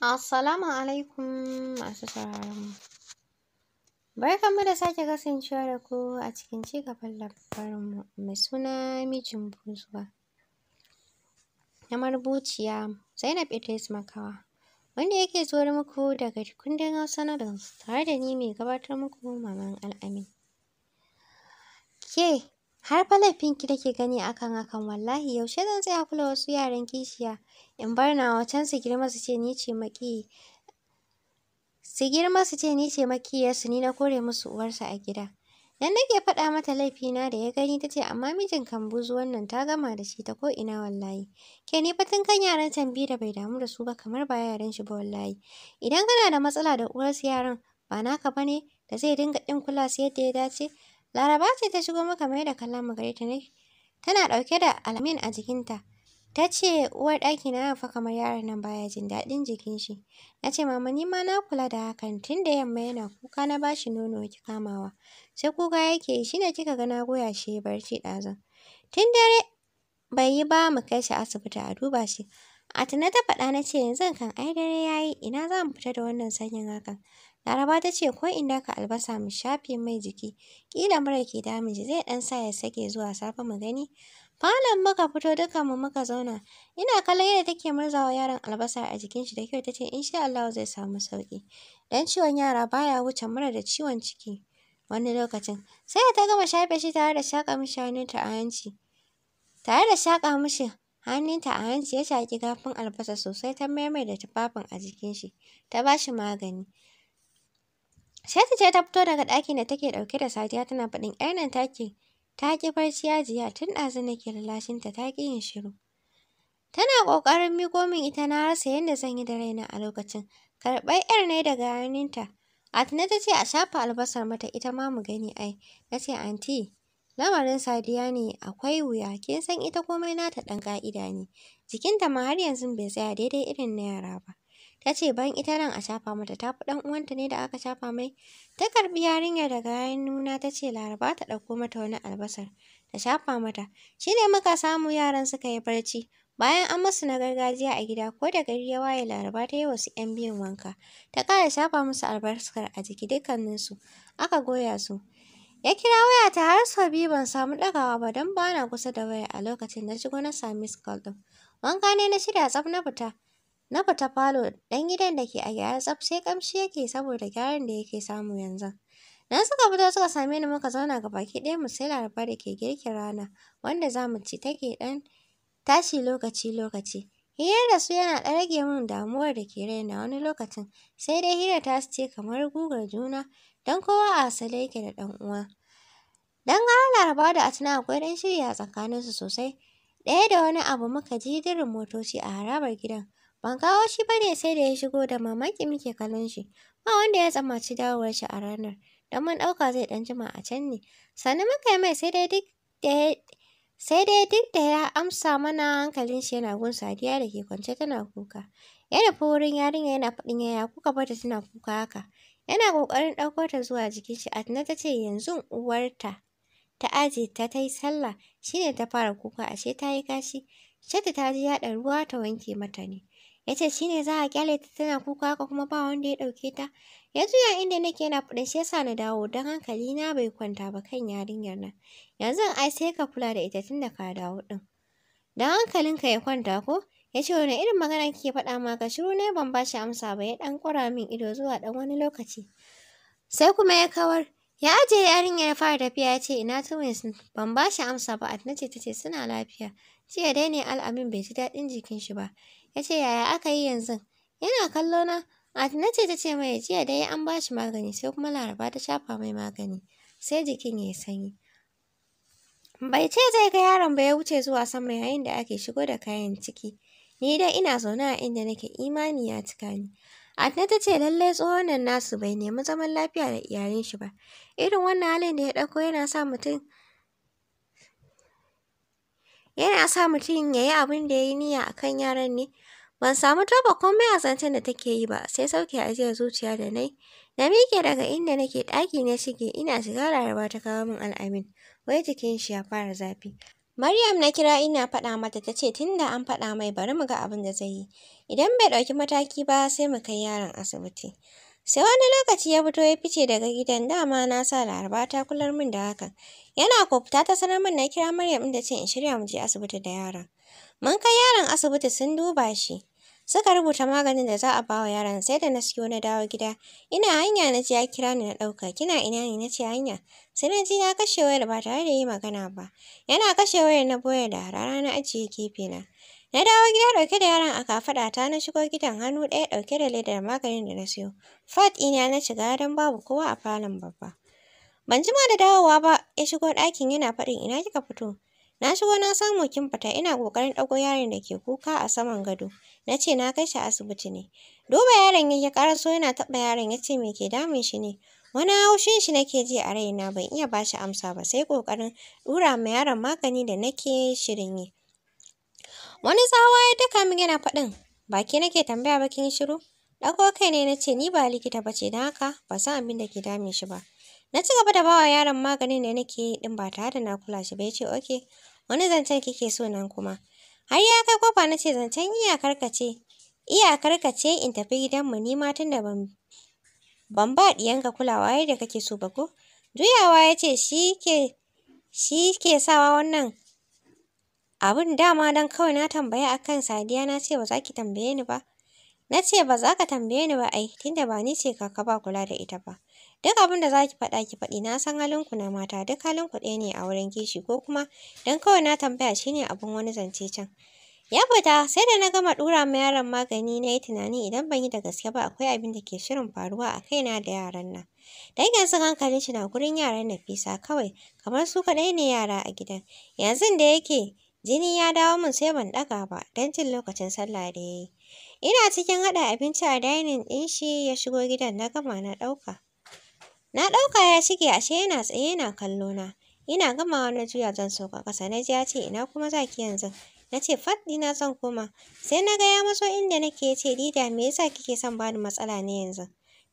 Assalamu alaikum masu sauraron mu. mu da sake kasancewa da ku a cikin cigaban mu mai suna mijin buzuwa. Na marubuciya Zainab Idris Makawa wanda yake zuwar muku daga kundin Hausa Novels tare da ni mai gabatar muku Maman Al'amin. Ke har fa ki take gani akan akan wallahi yaushe zan tsaya kula wasu yaran kishiya in bar nawa can su girma su ce ni ce maki su girma su ce ni ce makiyarsu ni na kore musu uwarsa a gida dan nake faɗa mata laifina da ya gani tace amma mijin kan buzu wannan ta gama da shi ta ko ina wallahi ke ni fa tun kan yaran tambi da bai damu da su ba kamar ba yaran shi ba wallahi idan kana da matsala da uwarsu yaran ba naka bane da zai dinga kin kula su yadda ya dace Laraba ce ta shigo muka mai da kallon mu gare ta ne. Tana ɗauke da alamin a jikinta. Ta ce uwar ɗaki na fa kamar yaron nan baya jin daɗin jikin shi. Na ce mama ni ma na kula da hakan tun da yamma yana kuka na bashi nono ki kamawa. Sai kuka yake yi shine kika ga na goya shi ya barci ɗazun. Tun dare bai yi ba mu kai shi asibiti a duba shi. A tuna ta faɗa na ce yanzu kan ai dare ya yi ina za mu fita da wannan sanyin hakan. Laraba ta ce ko in ka albasa mu shafe mai jiki, ƙila mura ke damun shi zai ɗan sa ya sake zuwa safe mu gani. Falon muka fito dukan mu muka zauna. Ina kallon yadda take murzawa yaron albasa a jikin shi da kyau ta ce in shi Allah zai samu sauki. Dan ciwon yara baya wuce mura da ciwon ciki wani lokacin. Sai ta gama shafe shi tare da shaka mishi hannunta a hanci. Tare da shaka mishi hannunta a hanci ya shaki gafin albasa sosai ta maimai da tufafin a jikin shi. Ta bashi magani. Shatu ce ta fito daga ɗakin da take ɗauke da Sadiya tana faɗin ‘yar nan take ta ki barci yajiya tun ɗazu nake lallashinta ta ki yin shiru. Tana ƙoƙarin miƙo min ita na rasa yadda zan yi da raina a lokacin. Karɓar ƴar ne daga A Atina ta ce a shafa albasar mata ita ma mu gani ai. Na ce anti, lamarin Sadiya ne akwai wuya kin san ita komai nata ɗan ƙa'ida ne. Jikinta ma har yanzu bai tsaya daidai irin na yara ba. ta ce bayan ita nan a shafa mata ta fi ɗan uwanta ne da aka shafa mai ta karbi yarinyar daga nuna ta ce laraba ta ɗauko mata wani albasar ta shafa mata shi ne muka samu yaran suka yi barci bayan an masu na gargajiya a gida ko da gari ya waye laraba ta yi wasu 'yan biyun wanka ta ƙara shafa musu albasar a jiki dukkaninsu aka goya su Ya kira waya ta har sau biyu ban samu ɗagawa ba don bana kusa da waya a lokacin na shigo na sami call ɗin. Wanka ne na shirya tsaf na fita. Na fita falo ɗan gidan da ke a gyara tsaf kamshi yake saboda gyaran da yake samu yanzu. na suka fito suka same ni muka zauna ga baki ɗaya mu sai laraba da ke girkin rana wanda za mu ci take ɗan tashi lokaci-lokaci. Hirar da su yana ɗan rage min damuwar da ke raina wani lokacin sai dai hira ta ce kamar gugar juna don kowa a asale yake da ɗan uwa. Dan gara laraba da atina akwai ɗan shirya tsakaninsu sosai. Ɗaya da wani abu muka ji dirin motoci a harabar gidan Ban kawo shi ba ne sai da ya shigo da mamaki muke kallon shi. Ba wanda ya tsammaci dawowar shi a ranar. Don mun ɗauka zai ɗan jima a can ne. Sannan muka yi mai sai dai duk da ya sai dai duk da ya amsa mana hankalin shi yana gun sadiya da ke kwance tana kuka ya nufi wurin yarinya yana faɗin yaya kuka bata tana kuka haka yana ƙoƙarin ɗauko ta zuwa jikin shi adna ta ce yanzu uwarta ta aje ta ta yi sallah shine ta fara kuka ashe ta yi kashi shatta ta ji yaɗa ruwa ta wanke mata ne ya ce shi ne za a kyale ta tana kuka haka kuma ba wanda ya ɗauke ta ya juya inda nake yana fuɗe shi yasa na dawo don hankali na bai kwanta ba kan yarinyar nan yanzu ai sai ka kula da ita da ka dawo ɗin don ka ya kwanta ko ya ce wani irin magana kike faɗa ma ka shiru ne ban ba amsa ba ya ɗan ƙura min ido zuwa ɗan wani lokaci sai kuma ya kawar ya ajiye yarinyar ya fara tafiya ya ce ina twins ban ba amsa ba a ce ta ce suna lafiya jiya dai ne al'amin bai ji daɗin jikin shi ba ya ce yaya aka yi yanzu yana kallo na Atina ce ta ce mai jiya dai an ba shi magani sai kuma laraba ta shafa mai magani sai jikin ya sanyi bai ce zai ga yaron ba ya wuce zuwa sama yayin da ake shigo da kayan ciki ni dai ina zaune a inda nake imani ya cika ni Adna ta ce lallai tsohon nan nasu bai nemi zaman lafiya da iyalin shi ba. Irin wannan halin da ya ɗauko yana sa mutum yana sa mutum ya yi abin da ya yi niyya a kan yaran ne. Ban samu toba komai a zancen da take yi ba, sai sauke ajiyar zuciya da nai. Na miƙe daga inda nake ɗaki na shige ina shiga laraba ta kawo min al'amin, wai jikin shi ya fara zafi. Maryam na kira ina faɗa mata ta ce tunda an faɗa mai bari mu ga abin da zai yi. Idan bai ɗauki mataki ba sai mu kai yaron asibiti. Sai wani lokaci ya fito ya fice daga gidan dama na sa laraba ta kular min da hakan. Yana kofta ta sanar min na kira Maryam inda ce in shirya mu je asibiti da yaron. Mun kai yaron asibiti sun duba shi. Suka rubuta maganin da za a ba wa yaron sai da na siyo na dawo gida. Ina hanya na ji ya kira ni na ɗauka. Kina ina ne na ce hanya. Sai na ji ya kashe wayar ba tare da yi magana ba. Yana kashe wayar na boye da rana na ajiye gefe na. Na dawo gida ɗauke da yaron a kafaɗata na shigo gidan hannu ɗaya ɗauke da ledar maganin da na siyo. Fat ɗina na shiga don babu kowa a falon babba. Ban jima da dawowa ba ya shigo ɗakin yana faɗin ina kika fito. Na shigo na samu kin fita ina ƙoƙarin ɗago yaron da ke kuka a saman gado. Na ce na kai shi asibiti ne. Duba yaron ya ƙaraso yana taɓa yaron ya ce me ke damun shi ne. Wani haushin shi nake ji a raina ban iya ba shi amsa ba sai ƙoƙarin ɗura ma yaron magani da nake shirin yi. Wani tsawa ya daka min yana faɗin, baki nake tambaya ba kin shiru? Ɗauko kai ne na ce ni ba likita ba ce don haka ba san abin da ke dame shi ba. Na ci gaba da bawa yaron maganin da nake yi ɗin ba tare da na kula shi ba ya ce oke wani zancen kike so nan kuma. Har ya kai kofa na ce zancen iyakar ka ce iyakar in tafi gidanmu ni ma tun da ban ban ba ɗiyanka kulawa yadda kake so ba ko. Juyawa ya ce shi ke shi ke sawa wannan Abin dama don kawai na tambaya akan Sadiya na ce ba za ki tambaye ni ba. Na ce ba za ka tambaye ni ba ai, tunda ba ni ce kaka ba kula da ita ba. Duk abin da za ki faɗa ki faɗi na san halinku na mata duk halinku ɗaya ne a wurin kishi ko kuma don kawai na tambaya shine abin wani zance can. Ya fita sai da na gama ɗura ma yaron magani na yi tunani idan ban yi da gaske ba akwai abin da ke shirin faruwa a kaina da yaran nan. Dan yanzu hankalin shi na gurin yaran Nafisa kawai kamar su kaɗai ne yara a gidan. yanzun da yake Jini ya dawo min sai ban ɗaga ba don cin lokacin sallah da ya yi. Ina cikin haɗa abinci a dainin ɗin shi ya shigo gidan na gama na ɗauka. Na ɗauka ya shige ashe yana tsaye yana kallo na. Ina gamawa na juya zan sauka ƙasa na ji ya ce ina kuma za ki yanzu. Na ce fat ɗina zan koma. Sai na ga ya matso inda nake ya ce Dida me yasa kike son bani matsala ne yanzu.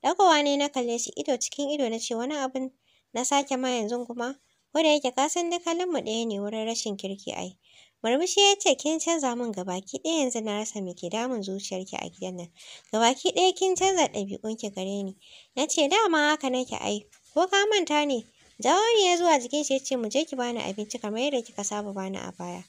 Ɗagowa ne na kalle shi ido cikin ido na ce wani abin na sake ma yanzu kuma. Ko da yake ka san duk mu ɗaya ne wurin rashin kirki ai. Murmushi ya ce kin canza min gabaki ɗaya yanzu na rasa me ke damun zuciyarki a gidan nan. Gabaki ɗaya kin canza ɗabi'unki gare ni. Na ce dama haka nake ai, ko ka manta ne? Jawari ya zuwa jikin shi ya ce mu je ki bani abinci kamar yadda kika saba bani a baya.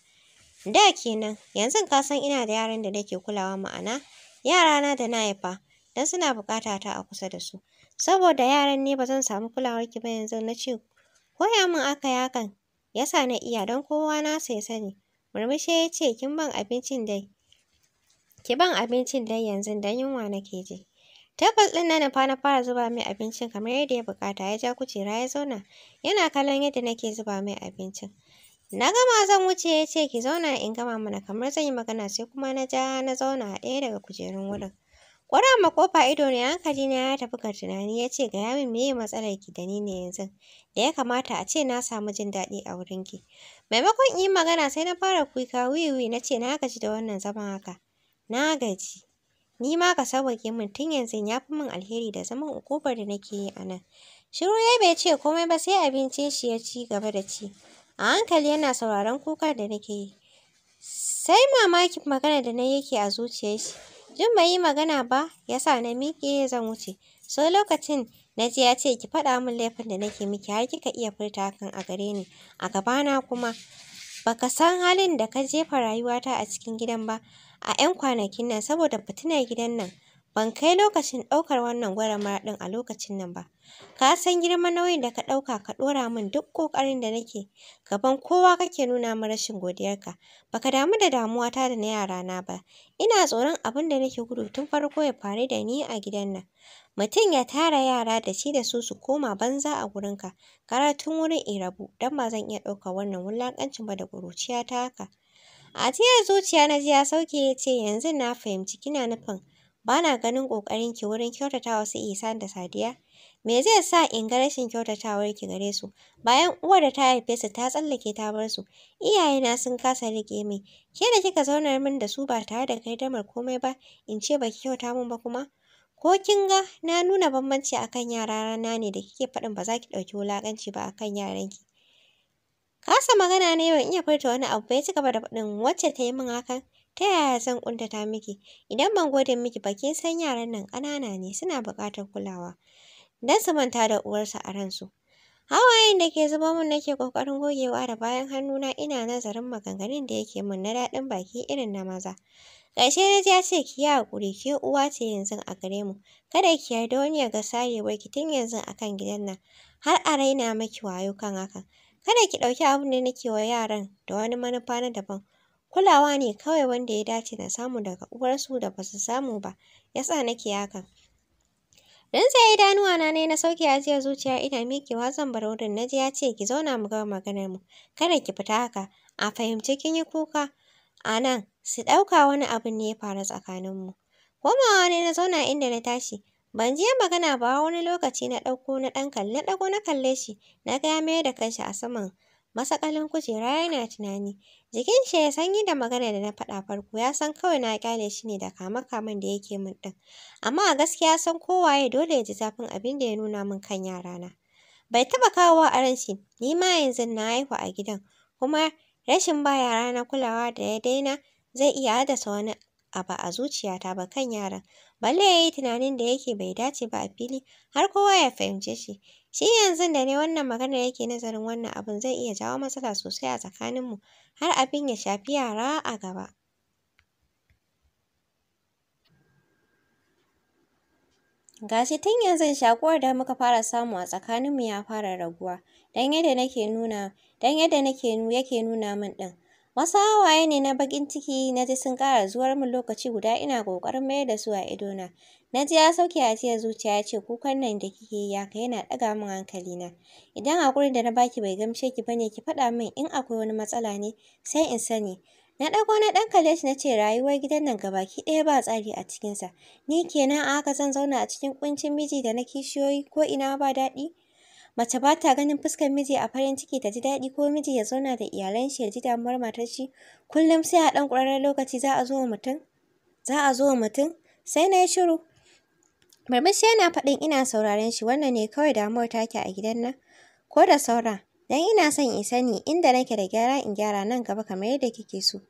Da kenan, yanzu ka san ina da yaran da nake kulawa ma'ana yarana da na haifa don suna bukata ta a kusa da su. Saboda yaran ne ba zan samu kulawarki ba yanzu na ce koya min aka yakan hakan yasa na iya don kowa na sai sani. Murmushi ya ce, kin ban abincin dai. Ki ban abincin dai yanzu dan yunwa nake ji. Tabbas ɗin na nufa na fara zuba mai abincin kamar yadda ya bukata ya ja kujera ya zauna. Yana kallon yadda nake zuba mai abincin. Na gama zan wuce ya ce ki zauna in gama mana kamar zan yi magana sai kuma na ja na zauna a ɗaya daga kujerun wurin. Kwara ma kofa ido ne hankali na ya tafi ga tunani ya ce gaya min meye matsalar ki da ni ne yanzu da ya kamata a ce na samu jin daɗi a wurin ki. Maimakon in yi magana sai na fara kuka wiwi na ce na gaji da wannan zama haka. Na gaji. Ni ma ka sauwaƙe min tun yanzu ya fi min alheri da zaman ukubar da nake yi a nan. Shiru ya bai ce komai ba sai abincin shi ya ci gaba da ci. A hankali yana sauraron kukar da nake yi. Sai mamakin magana da na yake a zuciyar shi. Jin bai yi magana ba yasa na miƙe zan wuce. Sai lokacin Naji ya ce ki faɗa min laifin da nake miki har kika iya furta hakan a gare ni a gabana kuma. Baka san halin da ka jefa rayuwata a cikin gidan ba a 'yan kwanakin nan saboda fitinar gidan nan. Ban kai lokacin ɗaukar wannan gwaramar ɗin a lokacin nan ba. Ka san girman nauyin da ka ɗauka ka ɗora min duk ƙoƙarin da nake. Gaban kowa kake nuna min rashin godiyarka. Ba ka damu da damuwata da na yarana ba. Ina tsoron abin da nake gudu tun farko ya faru da ni a gidan nan. Mutum ya tara yara da shi da su su koma banza a gurinka. Gara tun wurin in rabu don ba zan iya ɗaukar wannan wulaƙancin ba da ƙuruciyata haka. A ajiyar zuciya na ji ya sauke ya ce yanzu na fahimci kina nufin ba na ganin ƙoƙarinki wurin kyautatawa su Isa da Sadiya. Me zai sa in ga rashin kyautatawarki gare su? Bayan uwar da ta haife su ta tsallake ta bar su, iyayena sun kasa rike min. Ke da kika zauna min da su ba tare da kaidamar komai ba, in ce baki kyauta min ba kuma? Ko kin ga na nuna bambanci akan yara rana ne da kike faɗin ba za ki ɗauki wulaƙanci ba akan yaranki. Kasa magana ne ban iya furta wani abu ya ci gaba da faɗin wacce ta yi min hakan. ta yaya zan ƙuntata miki idan ban gode miki ba kin san yaran nan ƙanana ne suna buƙatar kulawa dan su manta da uwarsa a ransu hawayen da ke zuba min nake ƙoƙarin gogewa da bayan hannuna ina nazarin maganganun da yake min na daɗin baki irin na maza ƙarshe na ji ya ce ki yi haƙuri ke uwa ce yanzu a gare mu kada ki yarda wani ya ga sarewar ki tun yanzu a kan gidan nan har a raina miki wayo kan hakan kada ki ɗauki abin da nake wa yaran da wani manufa na daban Kulawa ne kawai wanda ya dace na samu daga uwarsu da ba su samu ba, ya sa nake hakan. Rintsaye na ne na sauke ajiyar zuciya ina miƙewa zan bar wurin na ji ya ce ki zauna mu gama maganar mu, kada ki fita haka, a fahimci kin yi kuka. A nan, su ɗauka wani abin ne ya faru mu Komawa ne na zauna inda na tashi, ban ji magana ba wani lokaci na ɗauko na ɗan kalle na ɗago na kalle shi, na ga ya mayar da kanshi a saman masakalin kujera yana tunani. Jikin shi ya sanyi da magana da na faɗa farko ya san kawai na ƙyale shi ne da kama-kaman da yake min ɗin. Amma a gaskiya san kowaye dole ya ji zafin abin da ya nuna min kan yarana. Bai taɓa kawo a ni ma yanzu na haihu a gidan, kuma rashin ba yarana kulawa da ya daina zai iya haddasa wani abu a zuciyata ba kan yaran. Balle ya yi tunanin da yake bai dace ba a fili har kowa ya fahimce shi. Shi yanzu da ne wannan maganar yake nazarin wannan abun zai iya jawo matsala sosai a tsakaninmu har abin ya shafi yara a gaba. Gashi tun yanzu shakuwar da muka fara samu a tsakaninmu ya fara raguwa, don yadda nake nuna, don yadda nake yake nuna min ɗin. Wasu hawaye ne na bakin ciki na ji sun kara zuwar min lokaci guda ina kokarin mayar da su a idona. Na ji ya sauke a ajiyar zuciya ya ce kukan nan da kike yi haka yana ɗaga min hankali na. Idan haƙurin da na baki bai gamshe ki bane ki faɗa min in akwai wani matsala ne sai in sani. Na ɗago na ɗan kalle shi na ce rayuwar gidan nan gaba gabaki ɗaya ba tsari a cikinsa. Ni kenan a haka zan zauna a cikin ƙuncin miji da na kishiyoyi ko ina ba daɗi? Mace ba ta ganin fuskar miji a farin ciki ta ji daɗi ko miji ya zauna da iyalan shi ya ji damuwar matar shi. Kullum sai a ɗan ƙwararren lokaci za a zo mutum. Za a zo mutum. Sai na yi shiru. Murmushi yana faɗin ina sauraren shi wannan ne kawai damuwar take a gidan nan. Ko da saura. Dan ina son in sani inda nake da gyara in gyara nan gaba kamar yadda kike so.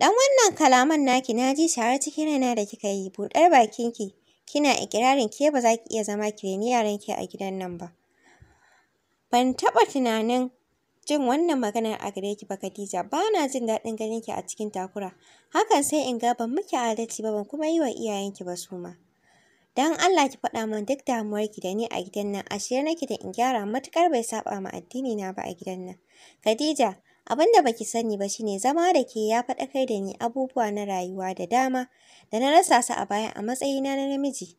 Dan wannan kalaman naki na ji shi cikin raina da kika yi buɗar bakinki. kina ikirarin ke ba za ki iya zama ki yaran a gidan nan ba. Ban taɓa tunanin jin wannan maganar a gare ki ba Khadija, ba na jin daɗin ganin ki a cikin takura. Hakan sai in ga ban miki adalci ba ban kuma yi wa iyayenki ba su ma. Dan Allah ki faɗa min duk damuwar ki da ni a gidan nan, ashe nake da in gyara matukar bai saba ma addini na ba a gidan nan. Khadija, abin da baki sani ba shine zama da ke ya faɗa kai da ni abubuwa na rayuwa da dama da na rasa su a baya a matsayina na namiji.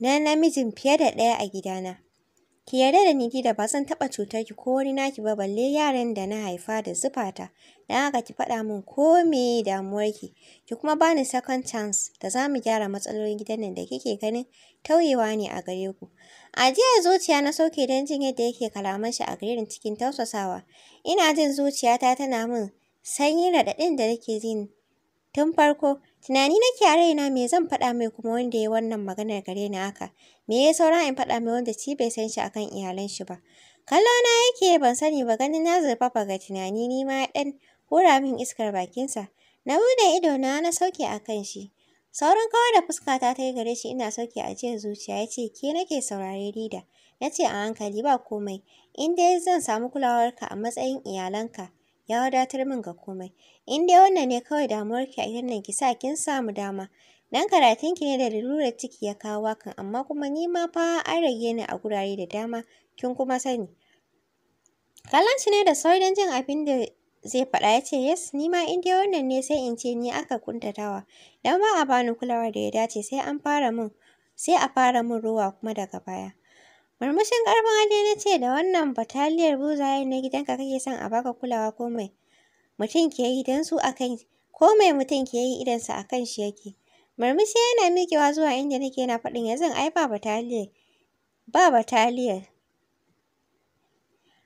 Na namijin fiye da ɗaya a gidana. Ki yarda da ni da ba zan taɓa cutar ki ko wani naki ba balle yaran da na haifa da zufata. Da haka ki faɗa min ko me damuwarki. Ki kuma bani second chance da za mu gyara matsalolin gidan nan da kike ganin tauyewa ne a gare ku. A jiya zuciya na sauke don jin yadda yake kalaman shi a gare cikin tausasawa. Ina jin zuciyata tana min sanyi raɗaɗin da nake jin Tun farko, tunani nake a raina me zan faɗa mai kuma wanda ya wannan maganar gare ni haka. Me ya saura in faɗa mai wanda ci bai san shi akan iyalan shi ba. Kallo na yake ban sani ba ganin na zurfafa ga tunani ni ma ɗan hura min iskar bakinsa. Na buɗe ido na na sauke a kan shi. Sauran kawar da fuska ta ta yi gare shi ina sauke a ajiyar zuciya ya ce ke nake saurare Rida. Na ce a hankali ba komai, in dai zan samu kulawarka a matsayin iyalanka, ya wadatar min ga komai. In dai wannan ne kawai damuwarki a idan nan ki sa kin samu dama. Dan karatunki ne da lalurar ciki ya kawo wakan amma kuma ni ma fa an rage ni a gurare da dama kin kuma sani. Kallon shi ne da sauri don jin abin da zai faɗa ya ce yes ni ma in dai wannan ne sai in ce ni aka kuntatawa dan ba a bani kulawa da ya dace sai an fara min sai a fara min ruwa kuma daga baya. Murmushin ƙarfin hali na ce da wannan bataliyar buzaye na gidanka kake son a baka kulawa komai. mutum ke yi don su ko mai mutum ke yi idan a kan shi yake. Murmushi yana miƙewa zuwa inda nake yana faɗin yanzu ai ba bataliyar. Ba bataliyar.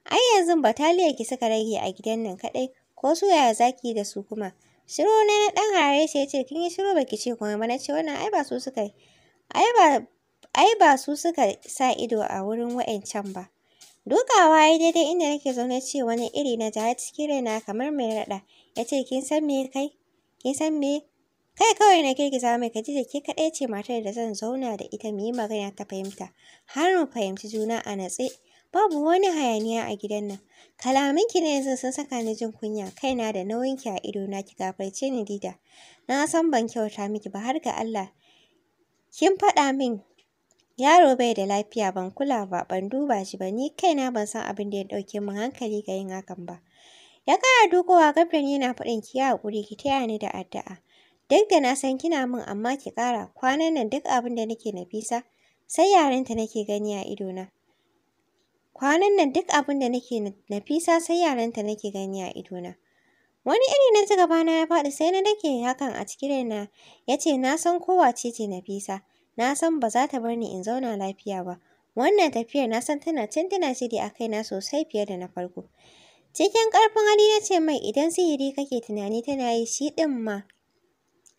Ai yanzu bataliyar ki suka rage a gidan nan kaɗai ko su yaya za da su kuma. shiro na na ɗan harare sai ya ce kin yi shiru baki ce kuma ba ce wannan ai ba su suka ai ba ai ba su suka sa ido a wurin wa'ancan ba. Dukawa ya daidai inda nake zaune ce wani iri na ja cikin raina kamar mai raɗa. Ya ce, kin san me kai? Kin san me? Kai kawai na girgiza mai da ke kaɗai ce matar da zan zauna da ita mu yi magana ta fahimta. Har mu fahimci juna a natse. Babu wani hayaniya a gidan nan. Kalamanki na yanzu sun saka ni jin kunya, kaina da nauyin ki a idona ki gafarce ni Dida. Na san ban kyauta miki ba har ga Allah. Kin faɗa min Yaro bai da lafiya ban kula ba ban duba shi ba ni kaina ban san abin da ya ɗauke min hankali ga yin hakan ba. Ya kara dukowa gab yana faɗin ki yi haƙuri ki taya ni da addu'a. Duk da na san kina min amma ki ƙara kwanan nan duk abin da nake Nafisa sai yaranta nake gani a idona. Kwanan nan duk abin da nake Nafisa sai nake gani a idona. Wani iri na ji gabana ya faɗi sai na dake hakan a cikin raina ya ce na san kowace ce Nafisa. na san ba za ta bar ni in zauna lafiya ba. Wannan tafiyar na san tana can shiri a kaina sosai fiye da na farko. Cikin ƙarfin hali na ce mai idan sihiri kake tunani tana yi shi ɗin ma.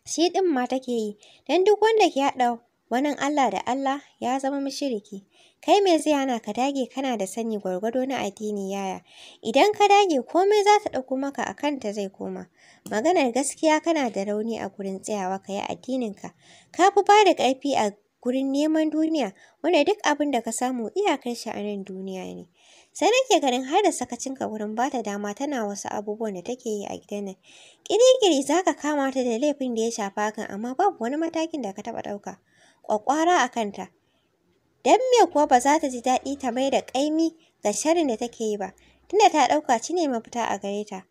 Shi ɗin ma take yi, don duk wanda ke haɗa wani Allah da Allah ya zama mashiriki. Kai mai zai hana ka dage kana da sani gwargwado na addini yaya. Idan ka dage komai za ta ɗauko maka a kanta zai koma. Maganar gaskiya kana da rauni a gurin tsayawa ka yi addininka. Ka fi ba da ƙarfi a gurin neman duniya wanda duk abin da ka samu iyakar shi duniya ne. Sai nake ganin har da sakacinka wurin ba ta dama tana wasu abubuwan da take yi a gidan nan. Ƙirƙiri za ka kama ta da laifin da ya shafa hakan amma babu wani matakin da ka taɓa ɗauka. Ƙwaƙwara a kanta. Don me kuwa ba za ta ji daɗi ta mai da ƙaimi ga sharrin da take yi ba, tunda ta ɗauka ci ne mafita a gare ta.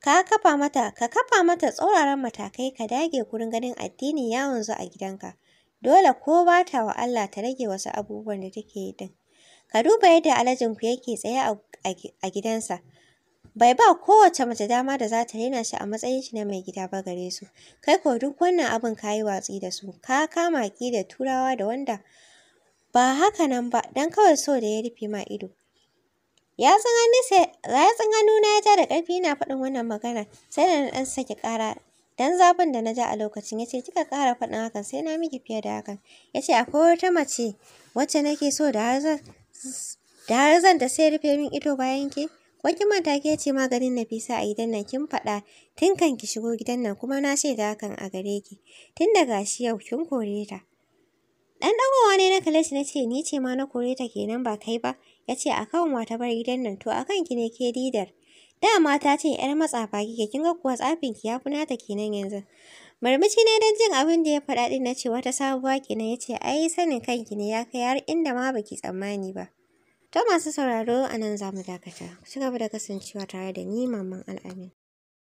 Ka kafa mata, ka kafa mata tsauraran matakai ka dage gurin ganin addini ya wanzu a gidanka. Dole ko ba ta wa Allah ta rage wasu abubuwan da take yi din. Ka duba yadda alajinku yake tsaye a gidansa. bai ba kowace mace dama da za ta rena shi a matsayin shi na mai gida ba gare su kai ko duk wannan abin ka yi watsi da su ka kama ki da turawa da wanda ba haka nan ba don kawai so da ya rufe ma ido. Ya tsin hannuna ya ja da ƙarfi yana faɗin wannan magana sai da na ɗan sake ƙara dan zafin da na ja a lokacin ya ce kika ƙara faɗin hakan sai na miki fiye da hakan ya ce akwai wata mace wacce nake so da har zan da sai rufe min ido bayan ki wakin manta ke ce maganin Nafisa a gidan nan kin faɗa tun kan ki shigo gidan nan kuma na shaida hakan a gare ki tun daga shi yau kin kore ta Ɗan ɗagowa ne na kalesi shi na ce ni ce ma na kore ta kenan ba kai ba. Ya ce a kan wata bar gidan nan to a kan ki ne ke didar. Dama ta ce ‘yar matsafa kike kin ga kuwa tsafin ki ya fi nata kenan yanzu. Marmaci ne don jin abin da ya faɗa ɗin na ce wata sabuwa kenan ya ce ai sanin kanki ne ya kai har inda ma baki tsammani ba. To masu sauraro a nan za mu dakata. Ku ci gaba da kasancewa tare da ni Maman Al'amin.